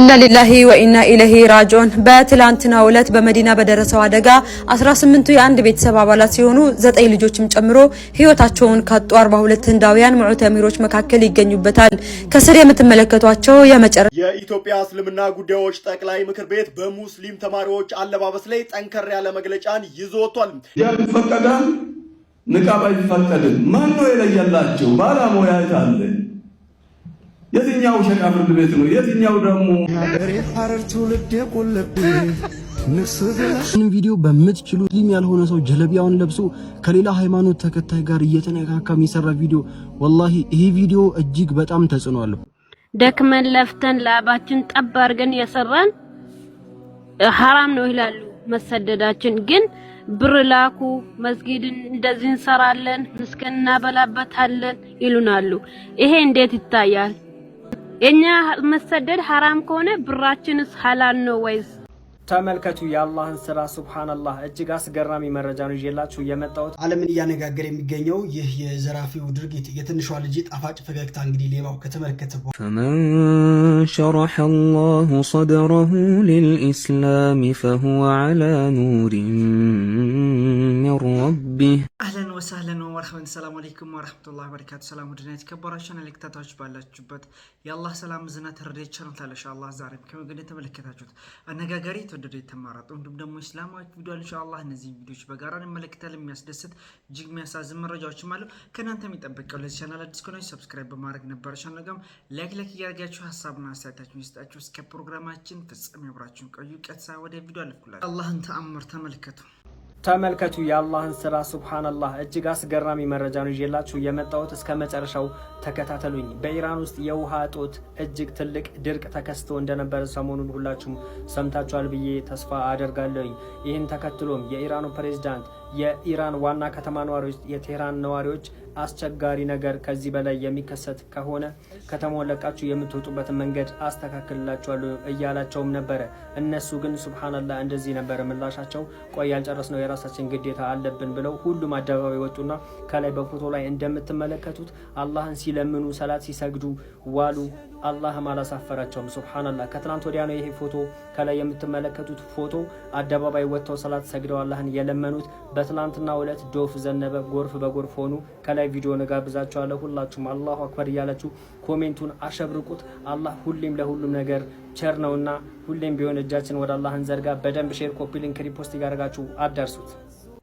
ኢና ሊላሂ ወኢና ኢለይሂ ራጂዑን። በትላንትናው ዕለት በመዲና በደረሰው አደጋ 18ቱ የአንድ ቤተሰብ አባላት ሲሆኑ ዘጠኝ ልጆችም ጨምሮ ህይወታቸውን ካጡ 42 ህንዳውያን ሙዕተሚሮች መካከል ይገኙበታል። ከስር የምትመለከቷቸው የመጨረ የኢትዮጵያ እስልምና ጉዳዮች ጠቅላይ ምክር ቤት በሙስሊም ተማሪዎች አለባበስ ላይ ጠንከር ያለ መግለጫን ይዞ ወጥቷል። ይፈቀዳል፣ ንቃብ አይፈቀድም። ማን ነው የለየላቸው? ባለሙያ አለ የትኛው ሸሪዓ ፍርድ ቤት ነው? የትኛው ደግሞ ይህንን ቪዲዮ በምትችሉ ሙስሊም ያልሆነ ሰው ጀለቢያውን ለብሶ ከሌላ ሃይማኖት ተከታይ ጋር እየተነካካ የሚሰራ ቪዲዮ ወላሂ፣ ይሄ ቪዲዮ እጅግ በጣም ተጽዕኖ አለው። ደክመን ለፍተን ላባችን ጠብ አድርገን የሰራን ሀራም ነው ይላሉ። መሰደዳችን ግን ብር ላኩ መስጊድን እንደዚህ እንሰራለን፣ ምስኪን እናበላበታለን ይሉናሉ። ይሄ እንዴት ይታያል? የኛ መሰደድ ሐራም ከሆነ ብራችንስ ሐላል ነው ወይስ? ተመልከቱ የአላህን ስራ ሱብሃነላህ። እጅግ አስገራሚ መረጃ ነው ይዤላችሁ የመጣሁት። ዓለምን እያነጋገረ የሚገኘው ይህ የዘራፊው ድርጊት የትንሿ ልጅ ጣፋጭ ፈገግታ እንግዲህ ሌባው ከተመለከተ በኋላ ፈመን ሸረሐ አላሁ ሰድረሁ ሊልኢስላም ፈሁወ ዐላ ኑሪን ሚን ረቢህ ወሳህለን ወመርሐበን ሰላም አለይኩም ወረህመቱላሂ ወበረካቱ። ሰላም ውድና የተከበራችሁ ተከታታዮች ባላችሁበት የአላህ ሰላም እዝነት ረድኤት ቸርነት አለ ኢንሻአላህ። ዛሬም ከመገደ የተመለከታችሁት አነጋጋሪ የተወደደ የተማራጡ እንዲሁም ደግሞ ኢስላማዊ ቪዲዮ ኢንሻአላህ። እነዚህ ቪዲዮዎች በጋራ እንመለከታለን። የሚያስደስት እጅግ የሚያሳዝን መረጃዎችም አሉ። ከእናንተ የሚጠበቀው ለዚህ ቻናል አዲስ ከሆናችሁ ሰብስክራይብ በማድረግ ነበር ቻናል ጋም ላይክ ላይክ እያደረጋችሁ ሀሳብና አስተያየታችሁን ይስጣችሁ። እስከ ፕሮግራማችን ፍጻሜ አብራችሁን ቆዩ። ቀጥታ ወደ ቪዲዮ አልኩላችሁ። አላህን ተአምር ተመልከቱ። ተመልከቱ የአላህን ስራ ሱብሃነላህ። እጅግ አስገራሚ መረጃ ነው ይዤላችሁ የመጣሁት። እስከ መጨረሻው ተከታተሉኝ። በኢራን ውስጥ የውሃ እጦት እጅግ ትልቅ ድርቅ ተከስቶ እንደነበረ ሰሞኑን ሁላችሁም ሰምታችኋል ብዬ ተስፋ አደርጋለሁኝ። ይህን ተከትሎም የኢራኑ ፕሬዚዳንት የኢራን ዋና ከተማ ነዋሪዎች፣ የቴህራን ነዋሪዎች አስቸጋሪ ነገር ከዚህ በላይ የሚከሰት ከሆነ ከተማውን ለቃችሁ የምትወጡበትን መንገድ አስተካክልላችኋለሁ እያላቸውም ነበረ። እነሱ ግን ሱብሃነላህ እንደዚህ ነበረ ምላሻቸው። ቆይ ነው የራሳችን ግዴታ አለብን ብለው ሁሉም አደባባይ ወጡና ከላይ በፎቶ ላይ እንደምትመለከቱት አላህን ሲለምኑ ሰላት ሲሰግዱ ዋሉ። አላህም አላሳፈራቸውም። ሱብሃነላህ ከትናንት ወዲያ ነው ይሄ ፎቶ ከላይ የምትመለከቱት ፎቶ። አደባባይ ወጥተው ሰላት ሰግደው አላህን የለመኑት። በትናንትና ዕለት ዶፍ ዘነበ፣ ጎርፍ በጎርፍ ሆኑ። ከላይ ቪዲዮ እጋብዛችኋለሁ። ሁላችሁም አላሁ አክበር እያላችሁ ኮሜንቱን አሸብርቁት። አላህ ሁሌም ለሁሉም ነገር ቸር ነውና ሁሌም ቢሆን እጃችን ወደ አላህ እንዘርጋ። በደንብ ሼር፣ ኮፒ ሊንክ፣ ሪፖስት እያደረጋችሁ አዳርሱት።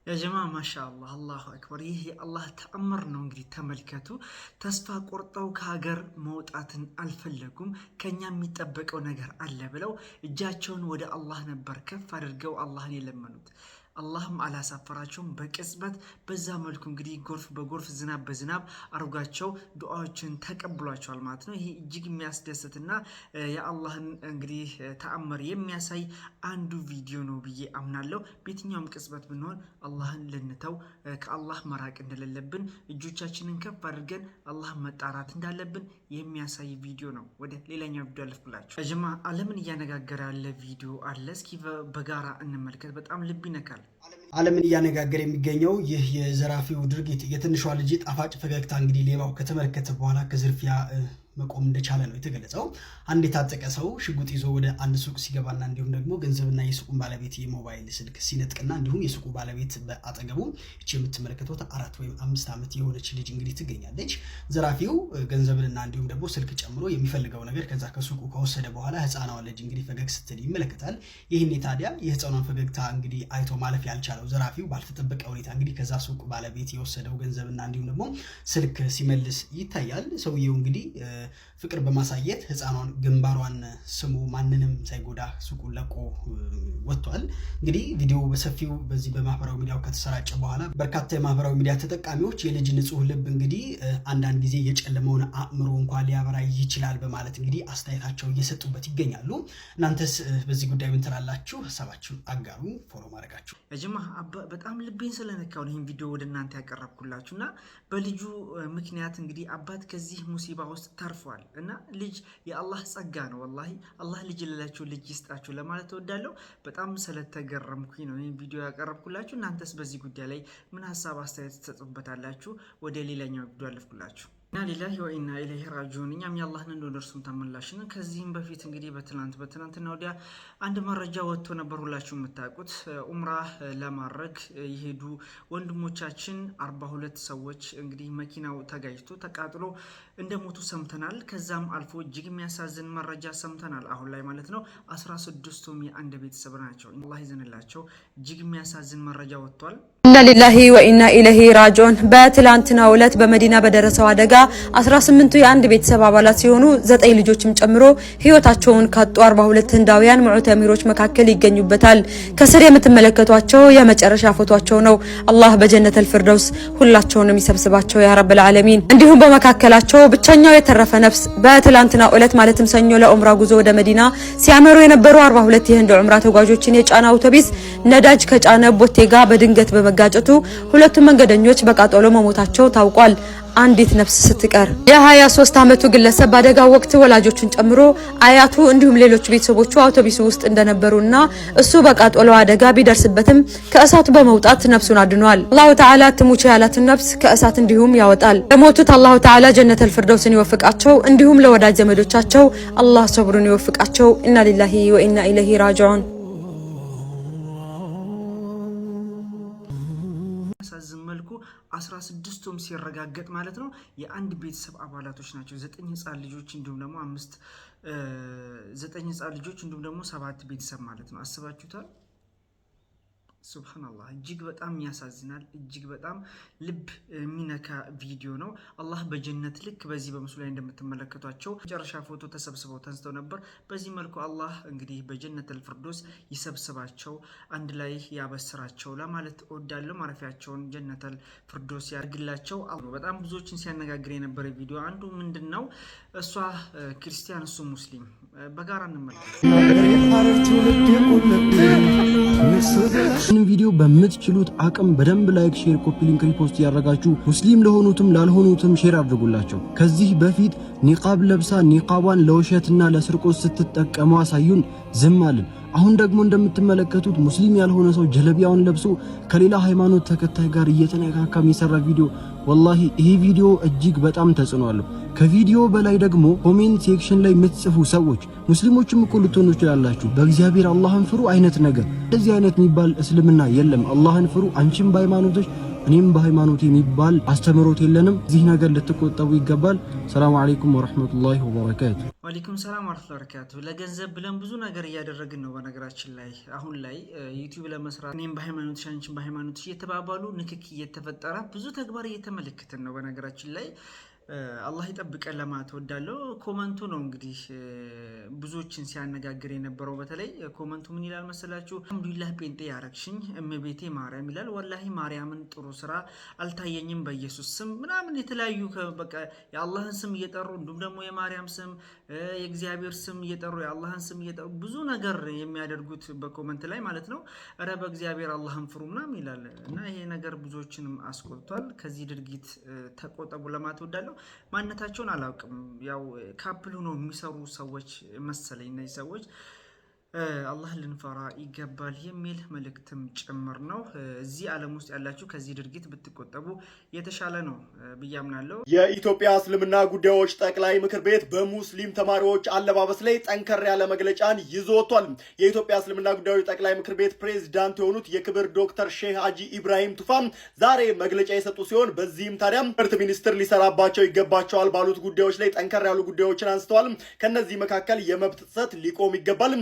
የጀማ ማሻአላህ አላሁ አክበር። ይህ የአላህ ተአምር ነው። እንግዲህ ተመልከቱ። ተስፋ ቆርጠው ከሀገር መውጣትን አልፈለጉም። ከኛ የሚጠበቀው ነገር አለ ብለው እጃቸውን ወደ አላህ ነበር ከፍ አድርገው አላህን የለመኑት። አላህም አላሳፈራቸውም። በቅጽበት በዛ መልኩ እንግዲህ ጎርፍ በጎርፍ ዝናብ በዝናብ አርጓቸው ዱዓዎችን ተቀብሏቸዋል ማለት ነው። ይሄ እጅግ የሚያስደስትና የአላህን እንግዲህ ተአምር የሚያሳይ አንዱ ቪዲዮ ነው ብዬ አምናለሁ። በየትኛውም ቅጽበት ብንሆን አላህን ልንተው ከአላህ መራቅ እንደሌለብን እጆቻችንን ከፍ አድርገን አላህን መጣራት እንዳለብን የሚያሳይ ቪዲዮ ነው። ወደ ሌላኛው ቪዲዮ አልፍኩላችሁ። ጀማ አለምን እያነጋገረ ያለ ቪዲዮ አለ። እስኪ በጋራ እንመልከት። በጣም ልብ ይነካል። ዓለምን እያነጋገረ የሚገኘው ይህ የዘራፊው ድርጊት የትንሿ ልጅ ጣፋጭ ፈገግታ እንግዲህ ሌባው ከተመለከተ በኋላ ከዝርፊያ መቆም እንደቻለ ነው የተገለጸው። አንድ የታጠቀ ሰው ሽጉጥ ይዞ ወደ አንድ ሱቅ ሲገባና እንዲሁም ደግሞ ገንዘብና የሱቁን ባለቤት የሞባይል ስልክ ሲነጥቅና እንዲሁም የሱቁ ባለቤት በአጠገቡ ይች የምትመለከቷት አራት ወይም አምስት ዓመት የሆነች ልጅ እንግዲህ ትገኛለች። ዘራፊው ገንዘብንና እንዲሁም ደግሞ ስልክ ጨምሮ የሚፈልገው ነገር ከዛ ከሱቁ ከወሰደ በኋላ ህፃናዋ ልጅ እንግዲህ ፈገግ ስትል ይመለከታል። ይህኔ ታዲያ የህፃኗን ፈገግታ እንግዲህ አይቶ ማለፍ ያልቻለው ዘራፊው ባልተጠበቀ ሁኔታ እንግዲህ ከዛ ሱቅ ባለቤት የወሰደው ገንዘብና እንዲሁም ደግሞ ስልክ ሲመልስ ይታያል። ሰውየው እንግዲህ ፍቅር በማሳየት ህፃኗን ግንባሯን ስሙ ማንንም ሳይጎዳ ሱቁ ለቆ ወጥቷል። እንግዲህ ቪዲዮ በሰፊው በዚህ በማህበራዊ ሚዲያው ከተሰራጨ በኋላ በርካታ የማህበራዊ ሚዲያ ተጠቃሚዎች የልጅ ንጹህ ልብ እንግዲህ አንዳንድ ጊዜ የጨለመውን አእምሮ እንኳ ሊያበራ ይችላል በማለት እንግዲህ አስተያየታቸው እየሰጡበት ይገኛሉ። እናንተስ በዚህ ጉዳይ ምን ትላላችሁ? ሀሳባችሁን አጋሩ። ፎሎ ማድረጋችሁ ጅማ በጣም ልቤን ስለነካው ይህን ቪዲዮ ወደ እናንተ ያቀረብኩላችሁ እና በልጁ ምክንያት እንግዲህ አባት ከዚህ ሙሲባ ውስጥ ተርፏል እና ልጅ የአላህ ጸጋ ነው። ወላሂ አላህ ልጅ የሌላችሁ ልጅ ይስጣችሁ ለማለት እወዳለሁ። በጣም ስለተገረምኩኝ ነው ይህን ቪዲዮ ያቀረብኩላችሁ። እናንተስ በዚህ ጉዳይ ላይ ምን ሀሳብ አስተያየት ትሰጡበታላችሁ? ወደ ሌላኛው ቪዲዮ አለፍኩላችሁ። ኢና ሊላሂ ወኢና ኢለይሂ ራጂዑን። እኛም የአላህን እንደ እርሱም ተመላሽን። ከዚህም በፊት እንግዲህ በትናንት በትናንትና ወዲያ አንድ መረጃ ወጥቶ ነበር፣ ሁላችሁ የምታውቁት ኡምራ ለማድረግ የሄዱ ወንድሞቻችን አርባ ሁለት ሰዎች እንግዲህ መኪናው ተጋጅቶ ተቃጥሎ እንደሞቱ ሰምተናል። ከዛም አልፎ እጅግ የሚያሳዝን መረጃ ሰምተናል። አሁን ላይ ማለት ነው አስራ ስድስቱም የአንድ ቤተሰብ ናቸው። አላህ ይዘንላቸው። እጅግ የሚያሳዝን መረጃ ወጥቷል። ኢና ሊላሂ ወኢና ኢለይሂ ራጆን። በትላንትና ዕለት በመዲና በደረሰው አደጋ 18ቱ የአንድ ቤተሰብ አባላት ሲሆኑ ዘጠኝ ልጆችም ጨምሮ ህይወታቸውን ካጡ 42 ህንዳውያን ሙዕተሚሮች መካከል ይገኙበታል። ከስር የምትመለከቷቸው የመጨረሻ ፎቷቸው ነው። አላህ በጀነተል ፊርደውስ ሁላቸውንም ይሰብስባቸው ያ ረብል እንዲሁም በመካከላቸው ብቸኛው የተረፈ ነፍስ በትላንትናው ዕለት ማለትም ሰኞ ለዑምራ ጉዞ ወደ መዲና ሲያመሩ የነበሩ 42 የህንድ ዑምራ ተጓዦችን የጫነ አውቶቢስ ነዳጅ ከጫነ ቦቴ ጋር በድንገት በመጋጨቱ ሁለቱም መንገደኞች በቃጠሎ መሞታቸው ታውቋል። አንዲት ነፍስ ስትቀር የ23 ዓመቱ ግለሰብ በአደጋው ወቅት ወላጆቹን ጨምሮ አያቱ እንዲሁም ሌሎች ቤተሰቦቹ አውቶቡስ ውስጥ እንደነበሩና እሱ በቃጠሎ አደጋ ቢደርስበትም ከእሳቱ በመውጣት ነፍሱን አድኗል። አላሁ ተዓላ ትሙቼ ያላትን ነፍስ ከእሳት እንዲሁም ያወጣል። ለሞቱት አላሁ ተዓላ ጀነተል ፊርደውስን ይወፍቃቸው፣ እንዲሁም ለወዳጅ ዘመዶቻቸው አላህ ሰብሩን ይወፍቃቸው። ኢና ሊላሂ ወኢና ኢለይሂ ራጂዑን አስራ ስድስቱም ሲረጋገጥ ማለት ነው የአንድ ቤተሰብ አባላቶች ናቸው። ዘጠኝ ህፃን ልጆች እንዲሁም ደግሞ አምስት ዘጠኝ ህፃን ልጆች እንዲሁም ደግሞ ሰባት ቤተሰብ ማለት ነው። አስባችሁታል? ሱብሃናላህ እጅግ በጣም ያሳዝናል። እጅግ በጣም ልብ የሚነካ ቪዲዮ ነው። አላህ በጀነት ልክ በዚህ በምስሉ ላይ እንደምትመለከቷቸው መጨረሻ ፎቶ ተሰብስበው ተንስተው ነበር። በዚህ መልኩ አላህ እንግዲህ በጀነት አልፍርዶስ ይሰብስባቸው፣ አንድ ላይ ያበስራቸው ለማለት እወዳለሁ። ማረፊያቸውን ጀነት አልፍርዶስ ያደርግላቸው። በጣም ብዙዎችን ሲያነጋግር የነበረ ቪዲዮ አንዱ ምንድን ነው እሷ ክርስቲያን እሱ ሙስሊም በጋራ እንመለከት ይህንን ቪዲዮ በምትችሉት አቅም በደንብ ላይክ፣ ሼር፣ ኮፒ ሊንክ፣ ሪፖስት እያደረጋችሁ ሙስሊም ለሆኑትም ላልሆኑትም ሼር አድርጉላቸው። ከዚህ በፊት ኒቃብ ለብሳ ኒቃቧን ለውሸትና ለስርቆት ስትጠቀሙ አሳዩን፣ ዝም አልን። አሁን ደግሞ እንደምትመለከቱት ሙስሊም ያልሆነ ሰው ጀለቢያውን ለብሶ ከሌላ ሃይማኖት ተከታይ ጋር እየተነካካ የሰራ ቪዲዮ፣ ወላሂ ይሄ ቪዲዮ እጅግ በጣም ተጽዕኖ አለው። ከቪዲዮ በላይ ደግሞ ኮሜንት ሴክሽን ላይ የምትጽፉ ሰዎች ሙስሊሞችም እኮ ልትሆኑ ይችላላችሁ። በእግዚአብሔር አላህን ፍሩ አይነት ነገር እንደዚህ አይነት የሚባል እስልምና የለም። አላህን ፍሩ፣ አንቺም በሃይማኖቶች እኔም በሃይማኖት የሚባል አስተምህሮት የለንም። እዚህ ነገር ልትቆጠቡ ይገባል። ሰላሙ አለይኩም ወረህመቱላሂ ወበረካቱ። ወአለይኩም ሰላም ወረህመቱላሂ ወበረካቱ። ለገንዘብ ብለን ብዙ ነገር እያደረግን ነው። በነገራችን ላይ አሁን ላይ ዩቲዩብ ለመስራት እኔም በሃይማኖት አንቺም በሃይማኖት እየተባባሉ ንክክ እየተፈጠረ ብዙ ተግባር እየተመለከትን ነው። በነገራችን ላይ አላህ ይጠብቀን ለማለት እወዳለሁ። ኮመንቱ ነው እንግዲህ ብዙዎችን ሲያነጋግር የነበረው በተለይ ኮመንቱ ምን ይላል መሰላችሁ? አልሐምዱሊላህ ጴንጤ ያረግሽኝ እመቤቴ ማርያም ይላል። ወላሂ ማርያምን ጥሩ ስራ አልታየኝም በኢየሱስ ስም ምናምን የተለያዩ በቃ የአላህን ስም እየጠሩ እንዲሁም ደግሞ የማርያም ስም የእግዚአብሔር ስም እየጠሩ የአላህን ስም እየጠሩ ብዙ ነገር የሚያደርጉት በኮመንት ላይ ማለት ነው። ረ በእግዚአብሔር አላህን ፍሩ ምናምን ይላል እና ይሄ ነገር ብዙዎችንም አስቆጥቷል። ከዚህ ድርጊት ተቆጠቡ ለማለት እወዳለሁ። ማንነታቸውን አላውቅም። ያው ካፕል ሆኖ የሚሰሩ ሰዎች መሰለኝ እነዚህ ሰዎች አላህ ልንፈራ ይገባል የሚል መልእክትም ጭምር ነው። እዚህ ዓለም ውስጥ ያላችሁ ከዚህ ድርጊት ብትቆጠቡ የተሻለ ነው ብዬ አምናለሁ። የኢትዮጵያ እስልምና ጉዳዮች ጠቅላይ ምክር ቤት በሙስሊም ተማሪዎች አለባበስ ላይ ጠንከር ያለ መግለጫን ይዞ ወጥቷል። የኢትዮጵያ እስልምና ጉዳዮች ጠቅላይ ምክር ቤት ፕሬዚዳንት የሆኑት የክብር ዶክተር ሼህ ሀጂ ኢብራሂም ቱፋም ዛሬ መግለጫ የሰጡ ሲሆን በዚህም ታዲያም ትምህርት ሚኒስትር ሊሰራባቸው ይገባቸዋል ባሉት ጉዳዮች ላይ ጠንከር ያሉ ጉዳዮችን አንስተዋል። ከነዚህ መካከል የመብት ጥሰት ሊቆም ይገባል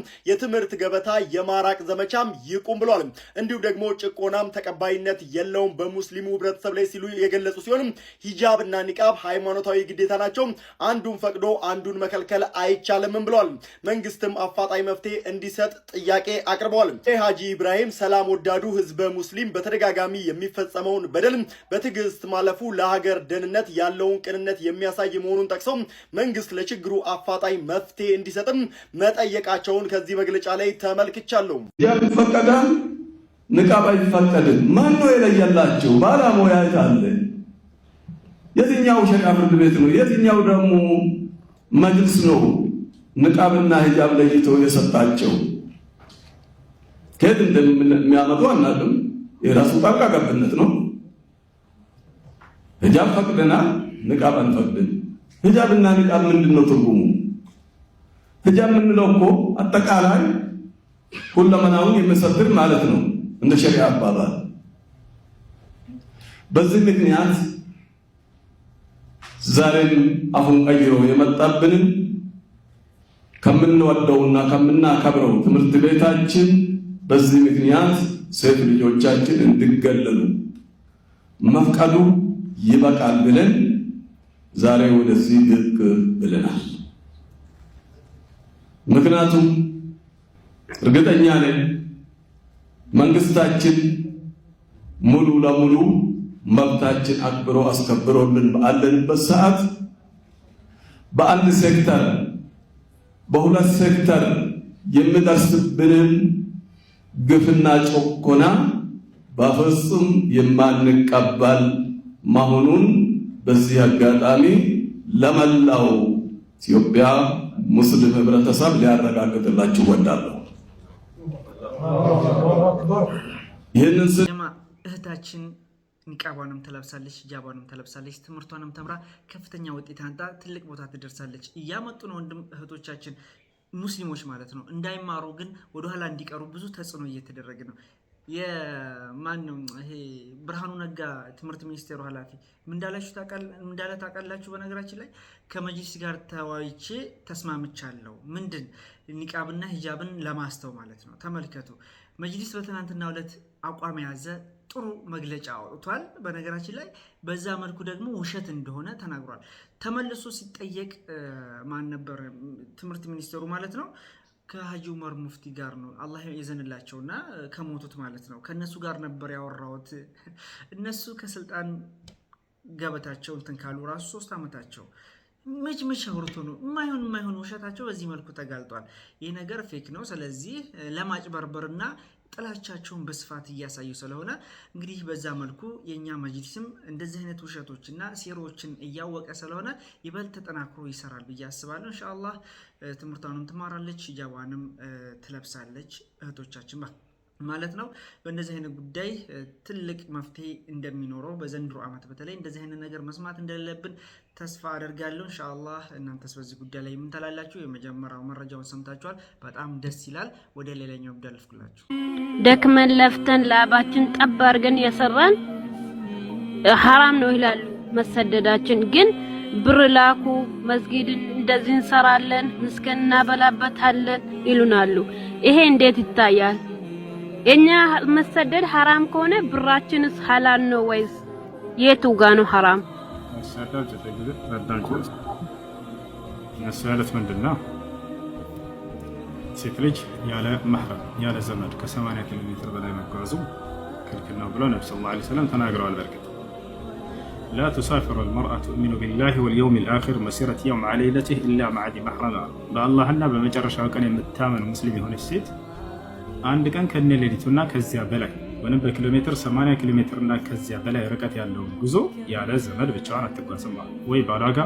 የትምህርት ገበታ የማራቅ ዘመቻም ይቁም ብሏል። እንዲሁም ደግሞ ጭቆናም ተቀባይነት የለውም በሙስሊሙ ህብረተሰብ ላይ ሲሉ የገለጹ ሲሆንም ሂጃብ እና ኒቃብ ሃይማኖታዊ ግዴታ ናቸው፣ አንዱን ፈቅዶ አንዱን መከልከል አይቻልምም ብሏል። መንግስትም አፋጣኝ መፍትሄ እንዲሰጥ ጥያቄ አቅርበዋል። ሀጂ ኢብራሂም ሰላም ወዳዱ ህዝበ ሙስሊም በተደጋጋሚ የሚፈጸመውን በደል በትዕግስት ማለፉ ለሀገር ደህንነት ያለውን ቅንነት የሚያሳይ መሆኑን ጠቅሰው መንግስት ለችግሩ አፋጣኝ መፍትሄ እንዲሰጥም መጠየቃቸውን ከዚህ መግለ መግለጫ ላይ ተመልክቻለሁ። ያ ንቃብ አይፈቀድም። ማን ነው የለየላቸው? ባለሙያ አለ። የትኛው ሸሪዓ ፍርድ ቤት ነው? የትኛው ደግሞ መጅልስ ነው? ንቃብና ሂጃብ ለይቶ የሰጣቸው ከየት እንደሚያመጡ አናውቅም። የራሱ ጣልቃ ገብነት ነው። ሂጃብ ፈቅደናል፣ ንቃብ አንፈቅድም። ሂጃብና ንቃብ ምንድን ነው ትርጉሙ? ህጃ የምንለው እኮ አጠቃላይ ሁለመናውን የሚሰትር ማለት ነው እንደ ሸሪዓ አባባል። በዚህ ምክንያት ዛሬም አሁን ቀይሮ የመጣብንን ከምንወደውና ከምናከብረው ትምህርት ቤታችን በዚህ ምክንያት ሴት ልጆቻችን እንዲገለሉ መፍቀዱ ይበቃል ብለን ዛሬ ወደዚህ ድርቅ ብለናል። ምክንያቱም እርግጠኛ ነን መንግስታችን ሙሉ ለሙሉ መብታችን አክብሮ አስከብሮልን ባለንበት ሰዓት በአንድ ሴክተር በሁለት ሴክተር የሚደርስብንን ግፍና ጭቆና በፍጹም የማንቀበል መሆኑን በዚህ አጋጣሚ ለመላው ኢትዮጵያ ሙስሊም ህብረተሰብ ሊያረጋግጥላችሁ ወዳለሁ። ይህንን እህታችን ኒቃቧንም ተለብሳለች፣ ሂጃቧንም ተለብሳለች፣ ትምህርቷንም ተምራ ከፍተኛ ውጤት አንጣ ትልቅ ቦታ ትደርሳለች። እያመጡ ነው ወንድም እህቶቻችን ሙስሊሞች ማለት ነው። እንዳይማሩ ግን ወደኋላ እንዲቀሩ ብዙ ተጽዕኖ እየተደረገ ነው። የማን ይሄ ብርሃኑ ነጋ ትምህርት ሚኒስቴሩ ኃላፊ ምንዳለ ታውቃላችሁ። በነገራችን ላይ ከመጅሊስ ጋር ተዋይቼ ተስማምቻለሁ። ምንድን ኒቃብና ሂጃብን ለማስተው ማለት ነው። ተመልከቱ። መጅሊስ በትናንትና ዕለት አቋም የያዘ ጥሩ መግለጫ አውጥቷል። በነገራችን ላይ በዛ መልኩ ደግሞ ውሸት እንደሆነ ተናግሯል። ተመልሶ ሲጠየቅ ማን ነበር ትምህርት ሚኒስቴሩ ማለት ነው ከሀጂ ዑመር ሙፍቲ ጋር ነው አላህ እና ከሞቱት ማለት ነው። ከእነሱ ጋር ነበር ያወራሁት። እነሱ ከስልጣን ገበታቸው እንትን ካሉ ራሱ ሶስት ዓመታቸው መች መች አውርቶ ነው የማይሆን የማይሆን ውሸታቸው በዚህ መልኩ ተጋልጧል። ይህ ነገር ፌክ ነው። ስለዚህ ለማጭበርበርና ጥላቻቸውን በስፋት እያሳዩ ስለሆነ እንግዲህ በዛ መልኩ የእኛ መጅሊስም እንደዚህ አይነት ውሸቶችና ሴሮዎችን እያወቀ ስለሆነ ይበልጥ ተጠናክሮ ይሰራል ብዬ አስባለሁ። እንሻአላህ ትምህርቷንም ትማራለች፣ ሂጃቧንም ትለብሳለች እህቶቻችን ማለት ነው። በእንደዚህ አይነት ጉዳይ ትልቅ መፍትሄ እንደሚኖረው በዘንድሮ ዓመት በተለይ እንደዚህ አይነት ነገር መስማት እንደሌለብን ተስፋ አደርጋለሁ። እንሻአላ እናንተስ በዚህ ጉዳይ ላይ የምንተላላችሁ የመጀመሪያው መረጃውን ሰምታችኋል። በጣም ደስ ይላል። ወደ ሌላኛው ጉዳይ አልፍኩላችሁ። ደክመን ለፍተን ላባችን ጠብ አድርገን የሰራን ሀራም ነው ይላሉ። መሰደዳችን ግን ብር ላኩ መስጊድን እንደዚህ እንሰራለን ምስገን እናበላበታለን ይሉናሉ። ይሄ እንዴት ይታያል? የኛ መሰደድ ሐራም ከሆነ ብራችንስ ሐላል ነው ወይስ የቱ ጋ ነው ሐራም? መሰደድ ተጠይቅ ረዳንኩ መሰደድ ምንድነው? ሴት ልጅ ያለ መህረም ያለ ዘመድ ከ80 ኪሎ ሜትር በላይ መጓዙ ክልክል ነው ብሎ ነብዩ ሰለላሁ ዐለይሂ ወሰለም ተናግረዋል። በርግጥ ላ ቱሳፊሩ አልመርአ ትእሚኑ ቢላሂ ወልየውም አልአኺር መሲረት የውም ዐለይለቲህ ኢላ መዐ ዚ መሕረም በአላህና በመጨረሻው ቀን የምታመን ሙስሊም የሆነች ሴት አንድ ቀን ከነ ሌሊቱ እና ከዚያ በላይ ወይም በኪሎ ሜትር 80 ኪሎ ሜትር እና ከዚያ በላይ ርቀት ያለውን ጉዞ ያለ ዘመድ ብቻዋን አትጓዝም። ወይ ባላጋ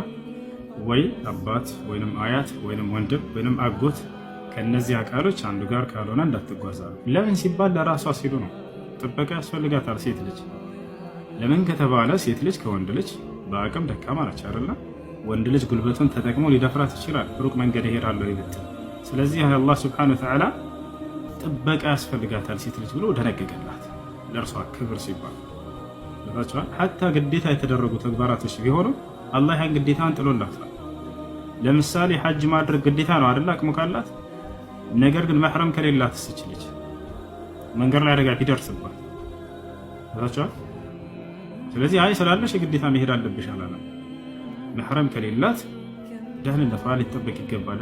ወይ አባት ወይንም አያት ወይንም ወንድም ወይንም አጎት ከነዚያ አካሎች አንዱ ጋር ካልሆነ እንዳትጓዛሉ። ለምን ሲባል ለራሷ ሲሉ ነው። ጥበቃ ያስፈልጋታል ሴት ልጅ። ለምን ከተባለ ሴት ልጅ ከወንድ ልጅ በአቅም ደካማ ናች አይደለ? ወንድ ልጅ ጉልበቱን ተጠቅሞ ሊደፍራት ይችላል፣ ሩቅ መንገድ እሄዳለሁ ይብትል። ስለዚህ አላህ ስብሐነ ወተዓላ ጥበቃ ያስፈልጋታል ሴት ልጅ ብሎ ደነገገላት። ለእርሷ ክብር ሲባል ቸዋል ሀታ ግዴታ የተደረጉ ተግባራቶች ቢሆኑም አላህ ያን ግዴታን ጥሎላታል። ለምሳሌ ሐጅ ማድረግ ግዴታ ነው አይደል? አቅሙ ካላት ነገር ግን መሕረም ከሌላት ልጅ መንገድ ላይ አደጋ ቢደርስባት ታቸዋል። ስለዚህ አይ ስላለሽ የግዴታ መሄድ አለብሽ አላለም። መሕረም ከሌላት ደህንነቷ ሊጠበቅ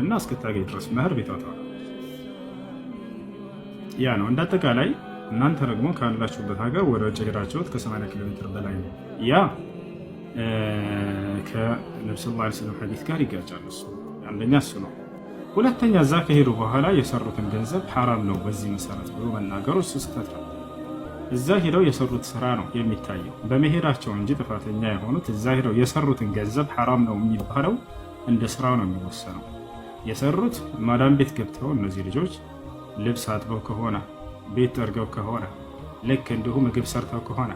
እና እስክታገኝ ድረስ መህር ቤታቷ ያ ነው እንደ አጠቃላይ። እናንተ ደግሞ ካላችሁበት ሀገር ወደ ውጭ ሄዳችሁት ከ80 ኪሎ ሜትር በላይ ነው። ያ ከነብዩ ሰለላሁ ዐለይሂ ወሰለም ሐዲስ ጋር ይጋጫል። እሱ አንደኛ እሱ ነው። ሁለተኛ እዛ ከሄዱ በኋላ የሰሩትን ገንዘብ ሐራም ነው በዚህ መሰረት ብሎ መናገሩ እሱ ስህተት ነው። እዛ ሄደው የሰሩት ስራ ነው የሚታየው በመሄዳቸው እንጂ ጥፋተኛ የሆኑት እዛ ሄደው የሰሩትን ገንዘብ ሐራም ነው የሚባለው እንደ ስራው ነው የሚወሰነው። የሰሩት ማዳም ቤት ገብተው እነዚህ ልጆች ልብስ አጥበው ከሆነ ቤት ጠርገው ከሆነ ልክ እንዲሁ ምግብ ሰርተው ከሆነ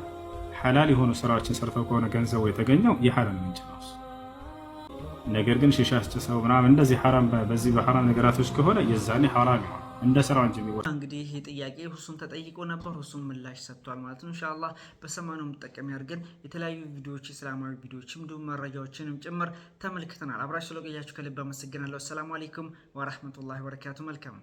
ሐላል የሆኑ ስራዎችን ሰርተው ከሆነ ገንዘቡ የተገኘው የሐላል ምንጭ ነው። ነገር ግን ሽሻ አስጭሰው ምናምን እንደዚህ ሐራም በዚህ በሐራም ነገራቶች ከሆነ የዛኔ ሐራም ይሆናል። እንደ ስራ እንጂ የሚወጣ እንግዲህ ጥያቄ ሁሱም ተጠይቆ ነበር። ሁሱም ምላሽ ሰጥቷል ማለት ነው። እንሻላ በሰማኑ መጠቀም ያድርገን። የተለያዩ ቪዲዮዎች፣ እስላማዊ ቪዲዮዎችም እንዲሁም መረጃዎችንም ጭምር ተመልክተናል። አብራችሁ ስለቆያችሁ ከልብ አመሰግናለሁ። አሰላሙ አለይኩም ወራህመቱላሂ ወበረካቱ። መልካም